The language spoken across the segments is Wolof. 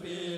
fi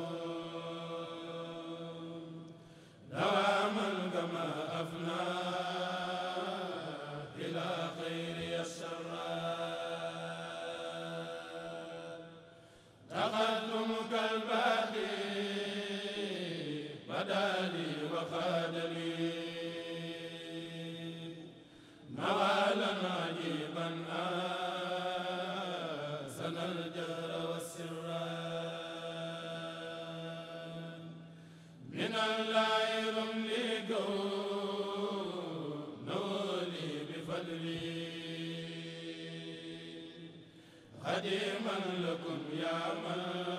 xadiman lakum ya man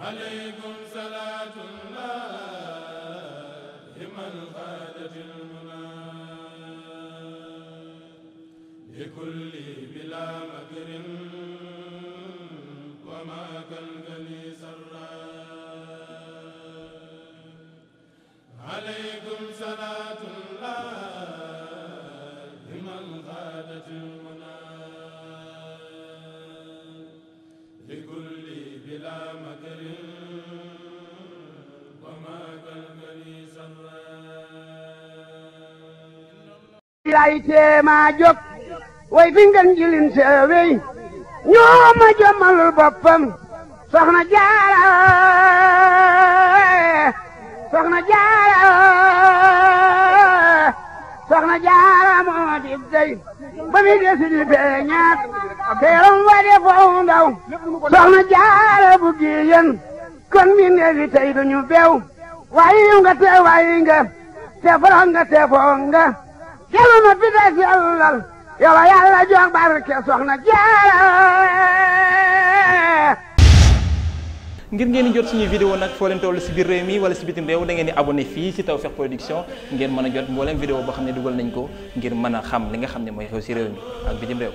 عليكم صلاة الله من غادة المنى لكل بلا مكر وما كالكلي سرى عليكم صلاة lay teema jóg way fi ngeen jilin seewey ñoo jommalul boppam soxna jaara soxna jaara moo di dey ba mi desi di feeñaat teeram wa de foofu ndaw soxna jaara bu giyen kon mi neefi tey duñu bew waaye nga te waaye nga te foro nga te foo nga yàlla na fi des yàllal yow yàlla jox barke soxna jaara ngir ngeen jot suñu vidéo nag foo leen toll si biir réew mi wala si bitim réew dangeen ngeen di abonné fii si Tawfekh Production ngeen mën a jot mbooleem vidéo boo xam ne dugal nañ ko ngir mën a xam li nga xam ne mooy xew si réew mi ak bitim réew